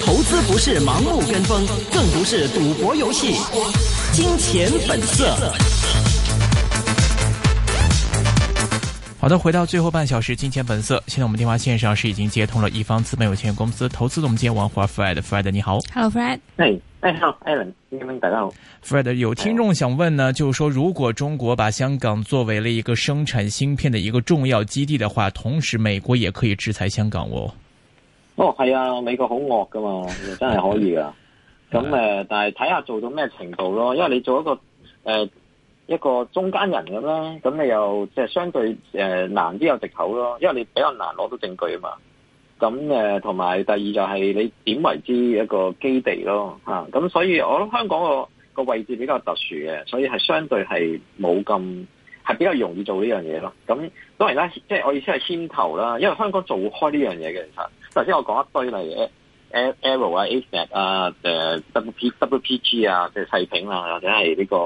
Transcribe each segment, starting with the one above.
投資不是盲目跟風，更不是賭博遊戲。金錢本色。好的，回到最後半小時，金錢本色。現在我們電話線上是已經接通了易方資本有限公司投資總監王華 Fred，Fred 你好，Hello Fred，哎。誒，你好 Alan 大家好，Fred，有聽眾想問呢，就是說如果中國把香港作為了一個生產芯片的一個重要基地的話，同時美國也可以制裁香港哦。哦，係啊，美國好惡噶嘛，真係可以噶。咁誒、嗯，嗯嗯、但係睇下做到咩程度咯，因為你做一個誒、呃、一個中間人咁啦，咁你又即係、就是、相對誒、呃、難啲有藉口咯，因為你比較難攞到證據啊嘛。咁誒，同埋第二就係你點為之一個基地咯，嚇，咁、啊、所以我諗香港個個位置比較特殊嘅，所以係相對係冇咁係比較容易做呢樣嘢咯。咁當然啦，即係我意思係牽頭啦，因為香港做開呢樣嘢嘅其實，頭先我講一堆例如 Arrow 啊、A, ero, Avnet 啊、W、P、WPG 啊嘅細屏啦，或者係呢個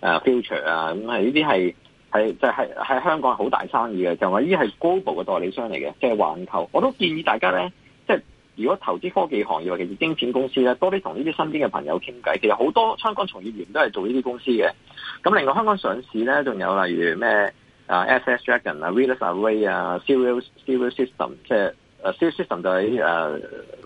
誒 Future 啊，咁係呢啲係。係就係、是、喺香港好大生意嘅，就話呢啲係 global 嘅代理商嚟嘅，即、就、係、是、環球。我都建議大家咧，即、就、係、是、如果投資科技行業或者晶片公司咧，多啲同呢啲身邊嘅朋友傾偈。其實好多香港從業員都係做呢啲公司嘅。咁另外香港上市咧，仲有例如咩啊 SS Dragon 啊 Willas-Array 啊，Serial Serial System，即係 Serial System 就喺誒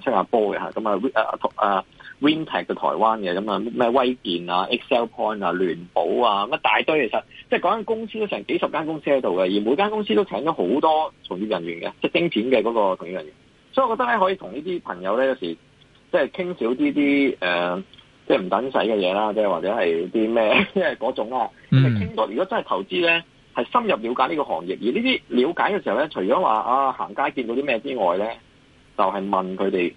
新加坡嘅嚇。咁啊、就是、啊，啊。啊啊 WinTech 嘅台灣嘅咁啊，咩威健啊、ExcelPoint 啊、聯保啊，咁啊大堆，其實即係講緊公司都成幾十間公司喺度嘅，而每間公司都請咗好多從業人員嘅，即係晶片嘅嗰個從業人員，所以我覺得咧可以同呢啲朋友咧有時即係傾少啲啲誒，即係唔等使嘅嘢啦，即係或者係啲咩即係嗰種啊啦，傾多、mm.。如果真係投資咧，係深入了解呢個行業，而呢啲了解嘅時候咧，除咗話啊行街見到啲咩之外咧，就係、是、問佢哋。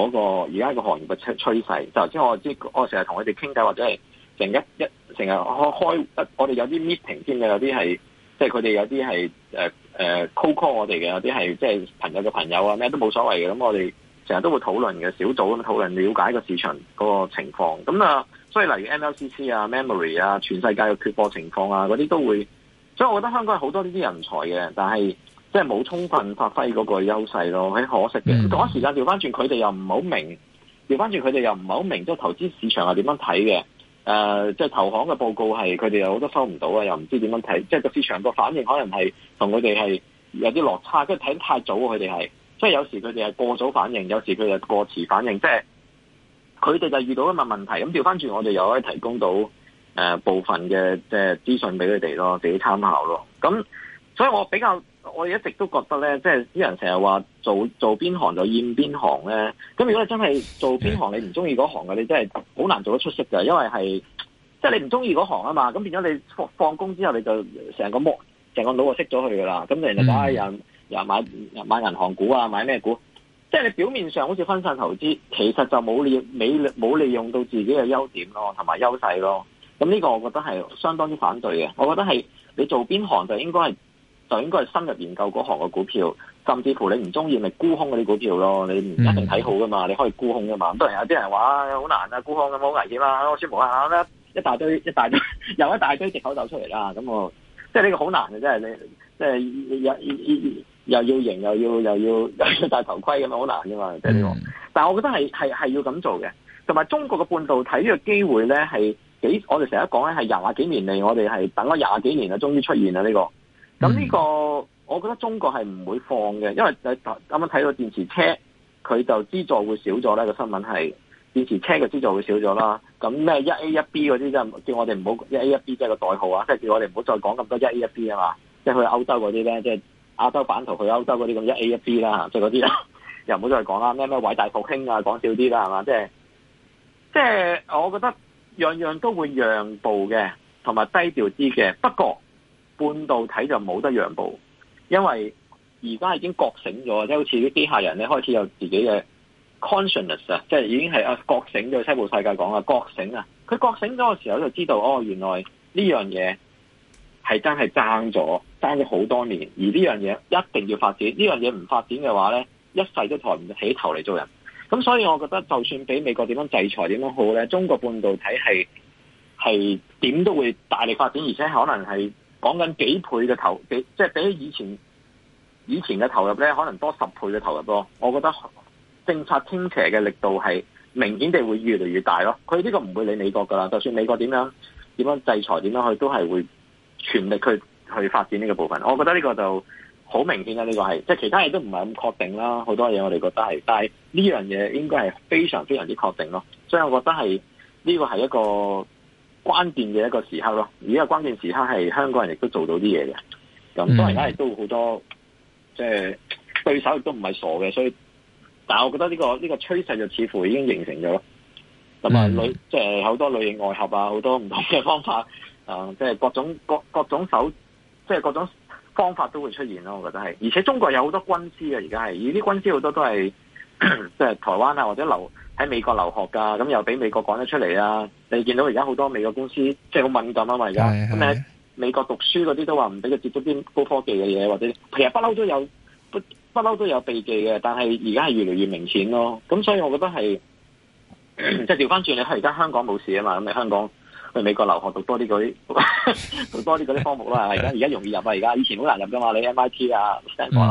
嗰個而家個行業嘅趨勢，就頭先我知，我成日同佢哋傾偈，或者係成一一成日開開，我哋有啲 meeting 先嘅，有啲係即係佢哋有啲係誒誒 call call 我哋嘅，有啲係即係朋友嘅朋友啊，咩都冇所謂嘅，咁我哋成日都會討論嘅小組咁討論了解個市場嗰個情況，咁啊，所以例如 M L C C 啊、memory 啊、全世界嘅缺貨情況啊，嗰啲都會，所以我覺得香港係好多呢啲人才嘅，但係。即係冇充分發揮嗰個優勢咯，係可惜嘅。嗰、mm. 時間調翻轉，佢哋又唔係好明，調翻轉佢哋又唔好明，調翻轉佢哋又唔好明，即投資市場係點樣睇嘅、呃？即係投行嘅報告係佢哋有好多收唔到啊，又唔知點樣睇，即係個市場個反應可能係同佢哋係有啲落差，即係睇得太早。佢哋係即係有時佢哋係過早反應，有時佢哋過遲反應。即係佢哋就遇到一個問題，咁調翻轉我哋又可以提供到誒、呃、部分嘅即資訊俾佢哋咯，自己參考咯。咁所以我比較。我一直都覺得咧，即係啲人成日話做做邊行就厭邊行咧。咁如果你真係做邊行，你唔中意嗰行嘅，你真係好難做得出色㗎！因為係即係你唔中意嗰行啊嘛。咁變咗你放放工之後，你就成個魔，成個腦啊，熄咗佢噶啦。咁人哋其他人又買又買，買銀行股啊，買咩股？即係你表面上好似分散投資，其實就冇利美冇利用到自己嘅優點咯，同埋優勢咯。咁呢個我覺得係相當之反對嘅。我覺得係你做邊行就應該係。就應該係深入研究嗰行嘅股票，甚至乎你唔中意咪沽空嗰啲股票咯。你唔一定睇好噶嘛，你可以沽空噶嘛。咁當然有啲人話好難啊，沽空咁好危險啊。我先無啦啦，一大堆一大堆，一大堆又一大堆藉口走出嚟啦。咁我即係呢個好難嘅，真係你即係又，又，又要贏又要又要又要戴頭盔咁樣好難噶嘛。即係呢個，但係我覺得係係係要咁做嘅。同埋中國嘅半導體呢個機會咧係幾，我哋成日講咧係廿幾年嚟，我哋係等咗廿幾年啊，終於出現啊呢個。咁呢個，我覺得中國係唔會放嘅，因為你啱啱睇到電池車，佢就資助會少咗咧。個新聞係電池車嘅資助會少咗啦。咁咩一 A 一 B 嗰啲即係叫我哋唔好一 A 一 B 即係個代號啊，即係叫我哋唔好再講咁多一 A 一 B 啊嘛。即係去歐洲嗰啲咧，即係亞洲版圖去歐洲嗰啲咁一 A 一 B 啦，即係嗰啲又唔好再講啦。咩咩偉大復興啊，講少啲啦，係嘛？即係即係我覺得樣樣都會讓步嘅，同埋低調啲嘅，不過，半導體就冇得讓步，因為而家已經覺醒咗，即係好似啲機械人咧，開始有自己嘅 consciousness 啊，即係已經係啊覺醒咗。西部世界講啊，覺醒啊，佢覺醒咗嘅時候就知道，哦，原來呢樣嘢係真係爭咗爭咗好多年，而呢樣嘢一定要發展，呢樣嘢唔發展嘅話咧，一世都抬唔起，起頭嚟做人。咁所以我覺得，就算俾美國點樣制裁點樣好咧，中國半導體係係點都會大力發展，而且可能係。講緊幾倍嘅投，即係比起以前，以前嘅投入咧，可能多十倍嘅投入咯。我覺得政策傾斜嘅力度係明顯地會越嚟越大咯。佢呢個唔會理會美國噶啦，就算美國點樣點樣制裁點樣去都係會全力去去發展呢個部分。我覺得呢個就好明顯啦。呢個係即係其他嘢都唔係咁確定啦，好多嘢我哋覺得係，但係呢樣嘢應該係非常非常之確定咯。所以我覺得係呢個係一個關鍵嘅一個時刻咯，而家關鍵時刻係香港人亦都做到啲嘢嘅，咁所以而家亦都好多即係、就是、對手亦都唔係傻嘅，所以但係我覺得呢、這個呢、這個趨勢就似乎已經形成咗咯。咁啊、嗯，女，即係好多類型外合啊，好多唔同嘅方法啊，即、就、係、是、各種各各種手，即、就、係、是、各種方法都會出現咯。我覺得係，而且中國有好多軍師啊。而家係而啲軍師好多都係即係台灣啊，或者留喺美國留學噶，咁又俾美國趕咗出嚟啊！你見到而家好多美國公司，即係好敏感啊嘛！而家咁你喺美國讀書嗰啲都話唔俾佢接觸啲高科技嘅嘢，或者其實不嬲都有不不嬲都有避忌嘅。但係而家係越嚟越明顯咯。咁所以我覺得係即係調翻轉，你去而家香港冇事啊嘛！咁你香港去美國留學讀多啲嗰啲讀多啲嗰啲科目啦。而家而家容易入啊！而家以前好難入噶嘛，你 MIT 啊，好、嗯、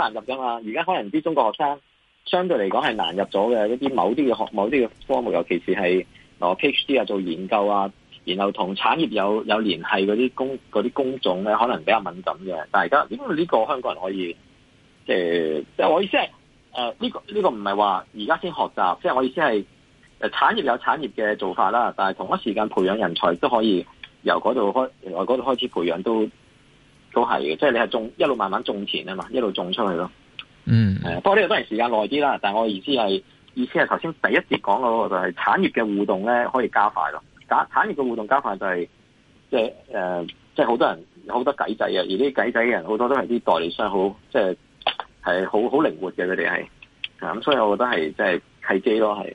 難入噶嘛。而家可能啲中國學生相對嚟講係難入咗嘅一啲某啲嘅學某啲嘅科目，尤其是係。攞 PhD 啊，做研究啊，然後同產業有有聯繫嗰啲工嗰啲工種咧，可能比較敏感嘅。但係而家點解呢個香港人可以，即係即係我意思係，呃呢個呢個唔係話而家先學習，即係我意思係，產業有產業嘅做法啦。但係同一時間培養人才都可以由嗰度開由嗰度開始培養，都都係嘅。即係你係種一路慢慢種田啊嘛，一路種出去咯。嗯。係不過呢個都係時間耐啲啦，但我意思係。意思係頭先第一節講嗰個就係、是、產業嘅互動咧，可以加快咯，產產業嘅互動加快就係即係誒，即係好多人好多計仔啊，而啲計仔嘅人好多都係啲代理商，好即係係好好靈活嘅佢哋係，咁所以我覺得係即係契機咯係。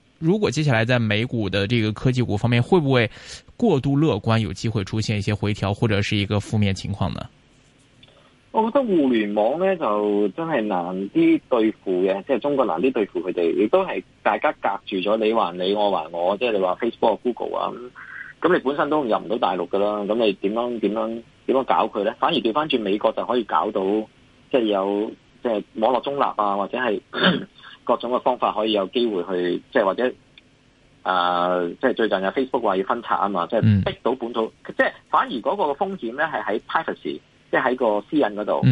如果接下來在美股的這個科技股方面，會不會過度樂觀，有機會出現一些回調或者是一個負面情況呢？我覺得互聯網呢，就真係難啲對付嘅，即係中國難啲對付佢哋，亦都係大家隔住咗你話你我話我，即係你話 Facebook、Google 啊，咁你本身都入唔到大陸噶啦，咁你點樣點樣點樣搞佢呢？反而調翻轉美國就可以搞到，即係有即係網絡中立啊，或者係。 各種嘅方法可以有機會去，即係或者啊、呃，即係最近嘅 Facebook 話要分拆啊嘛，即係逼到本土，mm. 即係反而嗰個風險咧係喺 privacy，即係喺個私隱嗰度，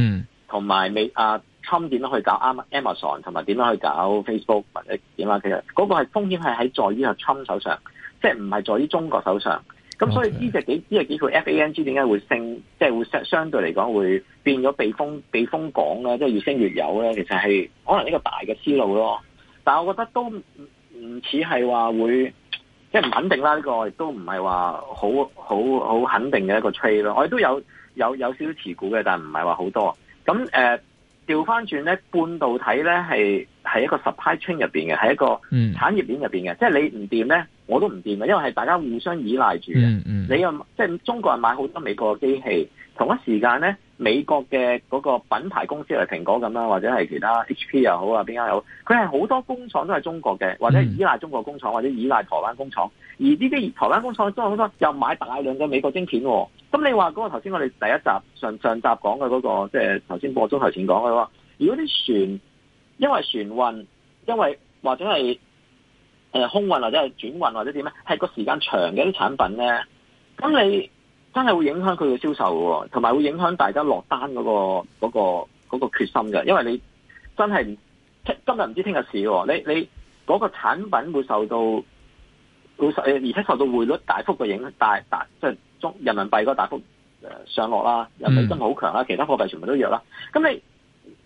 同埋未啊，Trump 點樣去搞 Amazon 同埋點樣去搞 Facebook 或者點啊？其實嗰個係風險係喺在於阿 Trump 手上，即係唔係在於中國手上。咁、嗯、所以呢隻幾呢隻幾 FANG 點解會升，即係會相相對嚟講會變咗避風避風港咧，即係越升越有咧。其實係可能呢個大嘅思路咯。但係我覺得都唔似係話會即係唔肯定啦。呢個亦都唔係話好好好肯定嘅一個 trade 咯。我都有有有少少持股嘅，但係唔係話好多。咁誒調翻轉咧，半導體咧係係一個 supply chain 入邊嘅，係一個產業鏈入邊嘅。嗯、即係你唔掂咧。我都唔掂嘅，因為係大家互相依賴住嘅。嗯嗯、你又即係中國人買好多美國嘅機器，同一時間咧，美國嘅嗰個品牌公司係蘋果咁啦，或者係其他 HP 又好啊，邊間又好，佢係好多工廠都係中國嘅，或者係依賴中國工廠，或者依賴台灣工廠。嗯、而呢啲台灣工廠都好多，又買大量嘅美國晶片喎。咁你話嗰個頭先我哋第一集上上集講嘅嗰個，即係頭先播中咗頭前講嘅話，如果啲船因為船運，因為或者係。誒，空運或者係轉運或者點咧，係個時間長嘅啲產品咧，咁你真係會影響佢嘅銷售嘅，同埋會影響大家落單嗰、嗰個、嗰個、嗰個決心嘅，因為你真係唔今日唔知聽日事你你嗰個產品會受到會受誒，而且受到匯率大幅嘅影響，大大即係、即係、中人民幣嗰個大幅誒上落啦，人民，的大幅上落人民幣真係好強啦，其他貨幣全部都弱啦，咁你。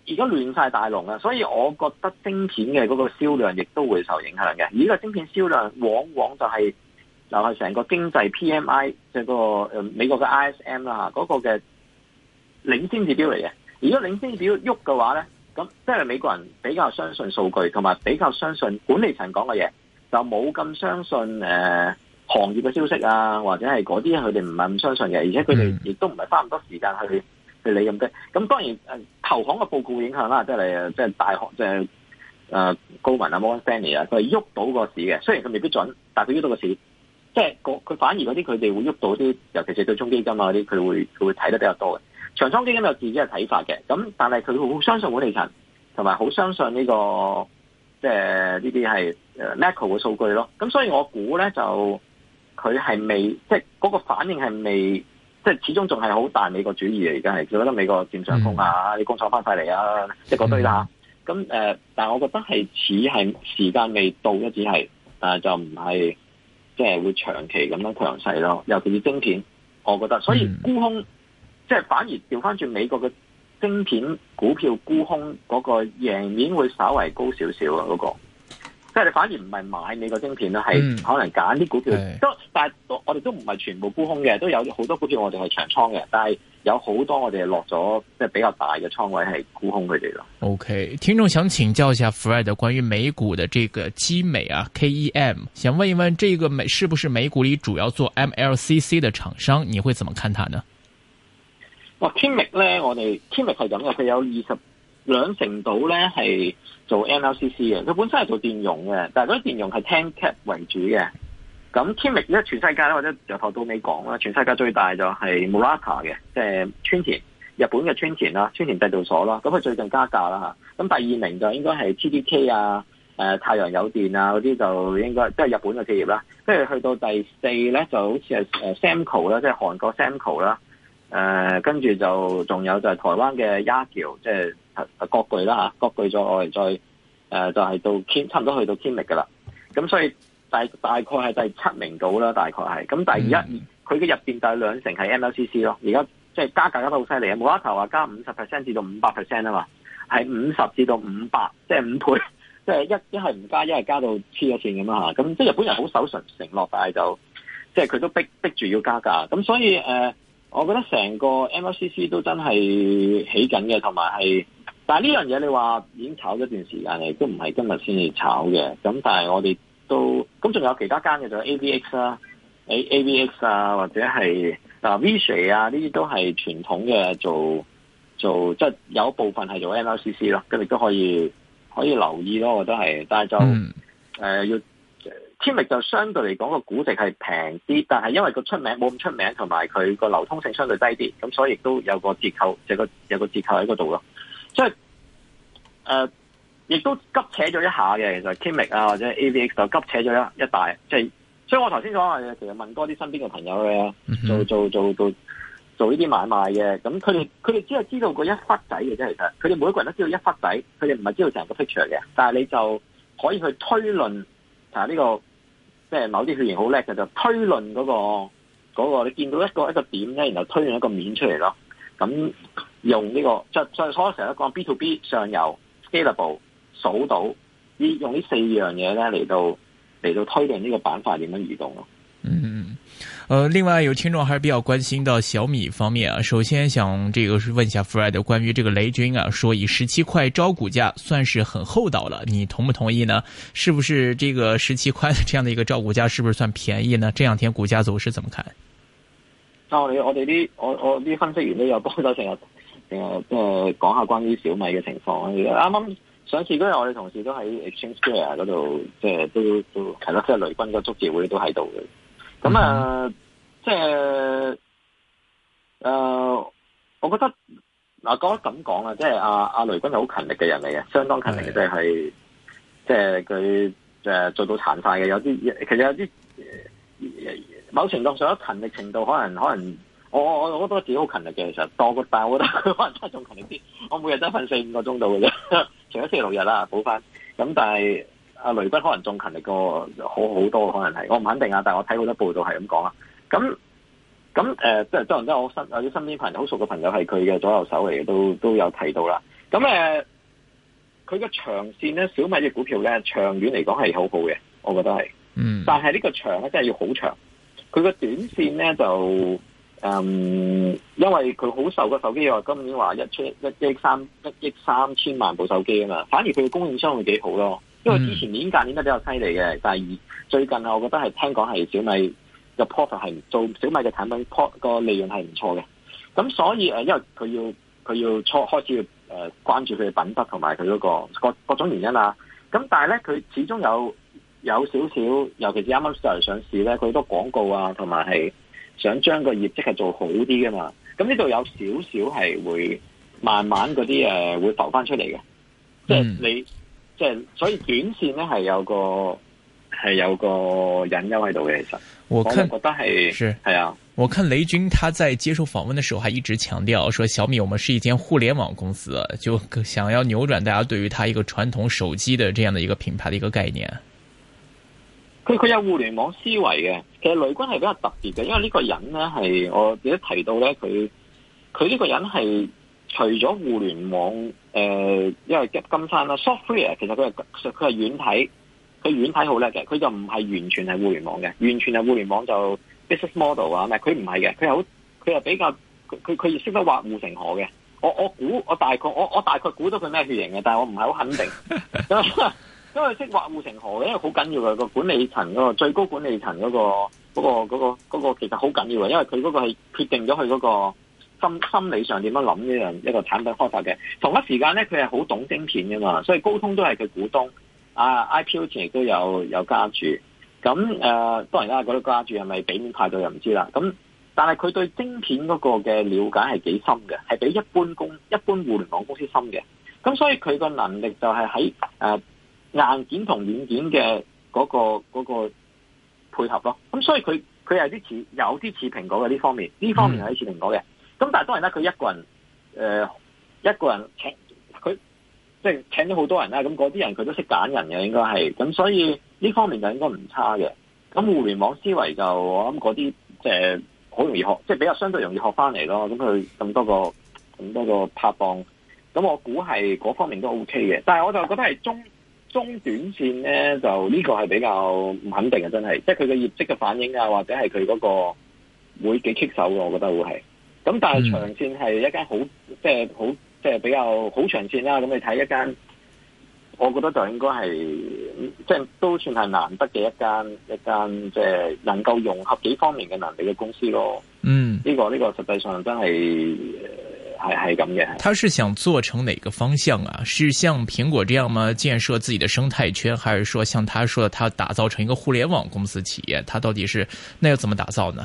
而家亂晒大龍啊，所以我覺得晶片嘅嗰個銷量亦都會受影響嘅。而呢個晶片銷量往往就係就係成個經濟 P M I 即係個誒美國嘅 I S M 啦，嗰個嘅領先指標嚟嘅。如果領先指標喐嘅話咧，咁即係美國人比較相信數據，同埋比較相信管理層講嘅嘢，就冇咁相信誒行業嘅消息啊，或者係嗰啲佢哋唔係咁相信嘅，而且佢哋亦都唔係花咁多時間去。你咁嘅，咁當然、啊、投行嘅報告影響啦，即係即大行，即係誒高文啊、Morgan Stanley 啊，佢喐到個市嘅。雖然佢未必準，但佢喐到個市，即係個佢反而嗰啲佢哋會喐到啲，尤其是對沖基金啊嗰啲，佢會佢會睇得比較多嘅。長倉基金有自己嘅睇法嘅，咁但係佢好相信管理層，同埋好相信呢、呢個即係呢啲係 macro 嘅數據咯。咁所以我估咧就佢係未，即係嗰個反應係未。即係始終仲係好大美國主義嚟，而家係覺得美國佔上風啊，啲、嗯、工廠翻晒嚟啊，即係嗰堆啦。咁誒、呃，但係我覺得係似係時間未到一只係、呃、就唔係即係會長期咁樣強勢咯。尤其是晶片，我覺得所以沽空、嗯、即係反而調翻轉美國嘅晶片股票沽空嗰、嗰個贏面會稍微高少少咯，嗰、嗰個。即係你反而唔係買美國晶片啦，係可能揀啲股票。嗯、是但我們都但係我哋都唔係全部沽空嘅，都有好多股票我哋係長倉嘅。但係有好多我哋落咗即係比較大嘅倉位係沽空佢哋咯。OK，聽眾想請教一下 Fred 關於美股的這個基美啊，KEM，想問一問這個美是不是美股裏主要做 MLCC 的廠商？你會怎麼看它呢？哇，天美咧，我哋天 i 係咁嘅，佢有二十。兩成度咧係做 MLCC 嘅，佢本身係做電容嘅，但係嗰啲電容係 ten cap 為主嘅。咁天明，因為全世界或者由頭到尾講啦，全世界最大的就係 Murata 嘅，即係村田日本嘅村田啦，村田製造所啦，咁佢最近加價啦嚇。咁第二名就應該係 TDK 啊，誒、呃、太陽誘電啊嗰啲就應該即係、就是、日本嘅企業啦。跟住去到第四咧就好似係誒 Samco 啦，即係韓國 Samco 啦、呃，誒跟住就仲有就係台灣嘅 Yageo，即係。國巨啦吓，國巨咗我哋再誒、呃，就係、是、到差唔多去到天力噶啦。咁所以大大概係第七名到啦，大概係。咁第二一，佢嘅入邊就兩成係 M L C C 咯。而家即係加價加得好犀利啊！冇啦頭話加五十 percent 至到五百 percent 啊嘛，係五十至到五百，即係五倍，即、就、係、是、一一係唔加，一係加到黐咗綫咁啊吓。咁即係日本人好守純承承諾，但係就即係佢都逼逼住要加價。咁所以誒、呃，我覺得成個 M L C C 都真係起緊嘅，同埋係。.但係呢樣嘢，你話已經炒咗一段時間嚟，都唔係今日先至炒嘅。咁但係我哋都咁，仲有其他間嘅，就 A V X 啦，A A V X 啊，A, X 啊或者係嗱 Vishay 啊，呢啲都係傳統嘅做做，即係、就是、有部分係做 MLCC 咯，咁你都可以可以留意咯，我覺得係。但係就誒、mm. 呃、要天力就相對嚟講個估值係平啲，但係因為個出名冇咁出名，同埋佢個流通性相對低啲，咁所以亦都有個折扣，即、就是、個有個折扣喺嗰度咯。所以，誒、呃，亦都急扯咗一下嘅，其實 Kimi 啊或者 AVX 就急扯咗一一大，即係，所以我頭先講話，其實問多啲身邊嘅朋友咧，做做做做做呢啲買賣嘅，咁佢哋佢哋只係知道個一忽仔嘅啫，其實，佢哋每個人都知道一忽仔，佢哋唔係知道成個 picture 嘅，但係你就可以去推論，啊呢個，即係某啲血型好叻嘅就推論嗰個嗰個，你見到一個一個點咧，然後推論一個面出嚟咯，咁。用呢、這個即係所以好多講 B to B 上游 scalable 數到呢用呢四樣嘢咧嚟到嚟到推定呢個板塊點樣移動咯，啊。嗯，呃，另外有聽眾還是比較關心到小米方面啊。首先想這個問一下 Fred 關於這個雷軍啊，說以十七塊招股價算是很厚道了，你同不同意呢？是不是這個十七塊這樣的這的嘅一個招股價，是不是算便宜呢？這兩天股價走勢是怎麼看？啊，我哋我哋啲我我啲分析員都有幫咗成日。誒，即係講下關於小米嘅情況。啱啱上次嗰日，我哋同事都喺 Exchange Square 嗰度、呃，即係都都係咯，即係雷軍嗰個祝賀會都喺度嘅。咁啊，即係誒，我覺得嗱，講得咁講啊，即係阿阿雷軍係好勤力嘅人嚟嘅，相當勤力嘅的、就是，即係即係佢誒做到殘晒嘅。有啲其實有啲某程度上有勤力程度可能，可能可能。我我我都自己好勤力嘅，其實多個但，我覺得佢可能真係仲勤力啲。我每日都瞓四五個鐘度嘅啫，除咗星期六日啦，補翻。咁但係阿雷軍可能仲勤力過好好多，可能係我唔肯定啊。但係我睇好多報道，係咁講啦。咁咁誒，即係周文德，我身或啲身邊朋友好熟嘅朋友係佢嘅左右手嚟嘅，都都有提到啦。咁誒，佢、呃、嘅長線咧，小米嘅股票咧，長遠嚟講係好好嘅，我覺得係。但係呢個長咧，真係要好長。佢個短線咧就。嗯，因為佢好受個手機又今年話一千、一億三一億三千萬部手機啊嘛，反而佢嘅供應商會幾好咯，因為之前年價年得比較犀利嘅，但係最近啊，我覺得係聽講係小米嘅 profit 係做小米嘅產品 pro 個利潤係唔錯嘅，咁所以誒，因為佢要佢要初開始要誒關注佢嘅品質同埋佢嗰個各各，各種原因啊，咁但係咧佢始終有有少少，尤其是啱啱就嚟，上市咧，佢好多廣告啊同埋係，還想將個業績係做好啲噶嘛？咁呢度有少少係會慢慢嗰啲誒會浮翻出嚟嘅，即係你，即係所以短線咧係有個係有個隱憂喺度嘅。其實看，我我覺得係係是啊。我看雷軍他在接受訪問的時候，還一直強調說：小米我們是一間互聯網公司，就想要扭轉大家對於他一個傳統手機的這樣的一個品牌的一個概念。佢佢有互聯網思維嘅，其實雷軍係比較特別嘅，因為呢個人咧係我記得提到咧，佢佢呢個人係除咗互聯網，誒、呃，因為入金山啦、啊、software 其實佢係佢係軟體，佢軟體好叻嘅，佢就唔係完全係互聯網嘅，完全係互聯網就 business model 啊咩，佢唔係嘅，佢好佢係比較佢佢佢識得畫護城河嘅，我我估我大概我我大概估到佢咩血型嘅，但係我唔係好肯定。 因為識畫護城河，因為好緊要嘅個管理層嗰、那個最高管理層嗰、那個嗰、那個、那個、那個那個其實好緊要嘅，因為佢嗰個係決定咗佢嗰個心心理上點樣諗呢樣一個產品開發嘅。同一時間咧，佢係好懂晶片嘅嘛，所以高通都係佢股東啊，IPO 前亦都有有加注。咁誒、啊，當然啦，嗰啲加注係咪俾面派到又唔知啦。咁但係佢對晶片嗰個嘅了解係幾深嘅，係比一般公一般互聯網公司深嘅。咁所以佢個能力就係喺誒。啊硬件同軟件嘅嗰個嗰個配合咯，咁所以佢佢有啲似有啲似蘋果嘅呢方面，呢方面係似蘋果嘅。咁但係當然啦，佢一個人誒一個人請佢即係請咗好多人啦，咁嗰啲人佢都識揀人嘅，應該係咁，所以呢方面就應該唔差嘅。咁互聯網思維就我諗嗰啲即係好容易學，即係比較相對容易學翻嚟咯。咁佢咁多個咁多個拍檔，咁我估係嗰方面都 OK 嘅。但係我就覺得係中。中短線呢就呢個係比較唔肯定嘅，真係，即係佢嘅業績嘅反應啊，或者係佢嗰個會幾棘手嘅，我覺得會係。咁但係長線係一間好，即係好，即係比較好長線啦、啊。咁你睇一間，我覺得就應該係，即係都算係難得嘅一間一間，即係能夠融合幾方面嘅能力嘅公司咯。嗯、呢個，呢個呢個實際上真係。係係咁嘅，佢是，是，是想做成哪個方向啊？是像蘋果這樣嗎？建設自己嘅生態圈，還是說像他說的，他打造成一個互聯網公司企業？他到底是，那要怎麼打造呢？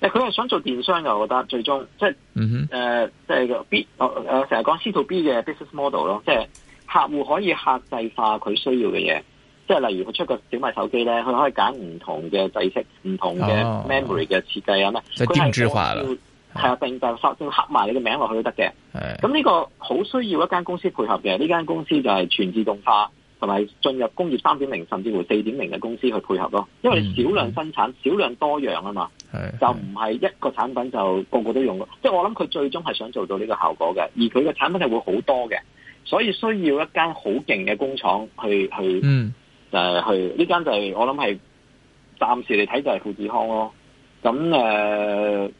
誒，佢係想做電商嘅，我覺得最終即係，就是、嗯哼，誒、呃，即、就、係、是、個 B，我我成日講 C to B 嘅 business model 咯，即係客戶可以客製化佢需要嘅嘢，即、就、係、是、例如佢出個小米手機咧，佢可以揀唔同嘅制式、唔、哦、同嘅 memory 嘅設計啊咩？佢定制化啦。係啊，定就發，定黑埋你個名落去都得嘅。咁呢個好需要一間公司配合嘅，呢間公司就係全自動化同埋進入工業三點零甚至乎四點零嘅公司去配合咯。因為你少量生產、少、嗯、量多樣啊嘛，就唔係一個產品就個個都用。即、就、係、是、我諗佢最終係想做到呢個效果嘅，而佢個產品係會好多嘅，所以需要一間好勁嘅工廠去去，誒去呢間、嗯呃、就係、是、我諗係暫時嚟睇就係富士康咯。咁誒。呃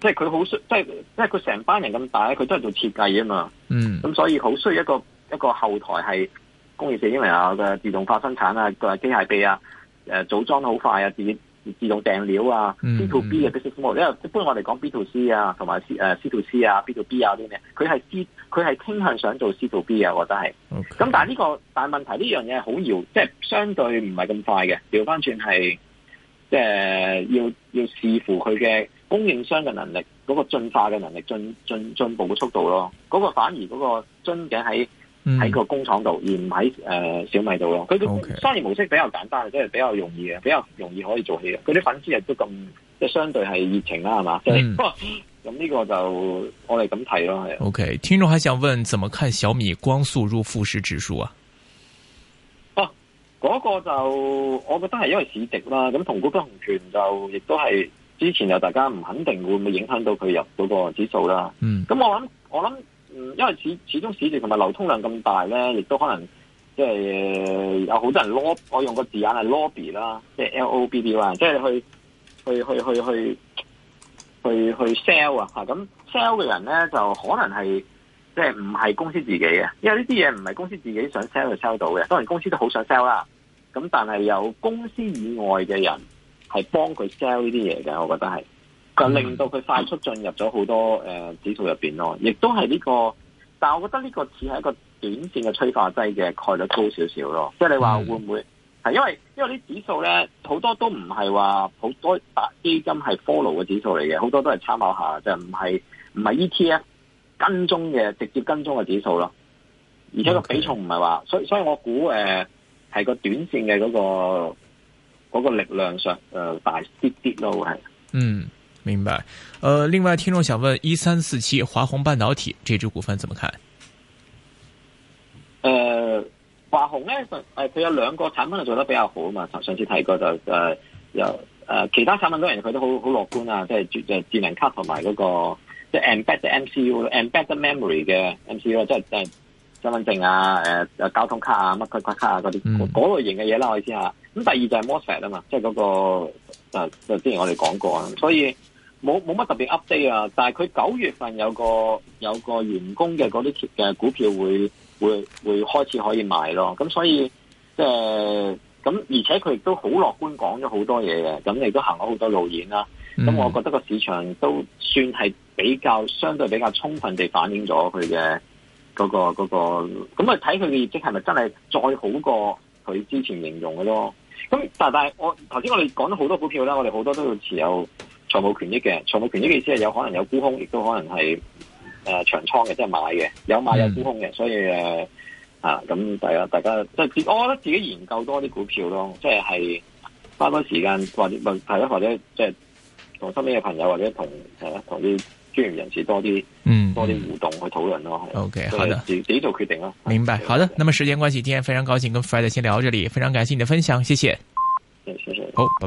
即係佢好需，即係即係佢成班人咁大，佢都係做設計啊嘛。嗯。咁所以好需要一個一個後台係工業四點零，因為啊嘅自動化生產機、呃、啊，同埋機械臂啊，誒組裝好快啊，自自動訂料啊。B to B 啊。business model 因為一般我哋講 B to C 啊，同埋 C 誒 C to C 啊，B to B 啊啲咩，佢係 B 佢係傾向想做 C to B 啊，我覺得係。咁 Okay. 但係、這、呢個但係問題呢樣嘢好遙，即係相對唔係咁快嘅。調返轉係，即係要要，要視乎佢嘅。供應商嘅能力，嗰、那個進化嘅能力進進進步嘅速度咯，嗰、那個反而嗰個樽頸喺喺個工廠度，而唔喺誒小米度咯。佢嘅商業模式比較簡單，即係、就是、比較容易嘅，比較容易可以做起嘅。佢啲粉絲亦都咁，即係相對係熱情啦、啊，係嘛。不過咁呢個就我哋咁睇咯，係。O K，聽眾還想問，怎麼看小米光速入富時指數啊？哦、啊，嗰、那個就我覺得係因為市值啦，咁同股不同權就亦都係。之前又大家唔肯定會唔會影響到佢入嗰個指數啦。咁、嗯、我諗，我諗，嗯，因為始始終市值同埋流通量咁大咧，亦都可能即係有好多人 lob，我用個字眼係 lobby 啦，即係 l o b b 啊，即係去去去去去去 sell 啊。吓，咁 sell 嘅人咧，就可能係即係唔係公司自己嘅，因為呢啲嘢唔係公司自己想 sell 就 sell 到嘅。當然公司都好想 sell 啦，咁但係有公司以外嘅人。係幫佢 sell 呢啲嘢嘅，我覺得係，就令到佢快速進入咗好多誒、呃、指數入邊咯，亦都係呢個。但係我覺得呢個只係一個短綫嘅催化劑嘅概率高少少咯。即係你話會唔會係、嗯，因為因為啲指數咧好多都唔係話好多基金係 follow 嘅指數嚟嘅，好多都係參考下，就唔係唔係 ETF 跟蹤嘅直接跟蹤嘅指數咯。而且個比重唔係話，所以所以我估誒係個短綫嘅嗰、那個。嗰個力量上誒、呃、大啲啲咯，係，嗯，明白。誒、呃，另外聽眾想問一三四七華虹半導體這支股份怎麼看？誒、呃，華虹咧，誒，佢有兩個產品係做得比較好啊嘛。頭上次提過就誒有誒其他產品當然佢都好好樂觀啊，即係就智能卡同埋嗰個即係 embedded MCU embedded memory 嘅 MCU，即係誒身份證啊，誒、呃、交通卡啊，乜卡卡卡啊嗰啲嗰類型嘅嘢啦，我哋先啊。咁第二就係摩石啊嘛，即係嗰個就之前我哋講過啊，所以冇冇乜特別 update 啊，但係佢九月份有個有個員工嘅嗰啲股票會會會開始可以賣咯，咁所以即係咁，呃、而且佢亦都好樂觀講咗好多嘢嘅，咁亦都行咗好多路演啦、啊。咁我覺得個市場都算係比較相對比較充分地反映咗佢嘅嗰個咁啊，睇佢嘅業績係咪真係再好過佢之前形容嘅咯？咁但係但係我頭先我哋講咗好多股票啦，我哋好多都要持有財務權益嘅，財務權益嘅意思係有可能有沽空，亦都可能係誒、呃、長倉嘅，即係買嘅，有買有沽空嘅，所以誒、呃、啊咁大家大家即係我覺得自己研究多啲股票咯，即係花多時間或者問係咯，或者即係同身邊嘅朋友或者同誒同啲。專業人士多啲，嗯，多啲互動去討論咯。OK，好的，okay，自己做決定咯。的的明白，的好的。的那麼時間關係，今天非常高興跟 Fred、er、先聊這裏，非常感謝你的分享，謝謝。謝謝好，拜拜。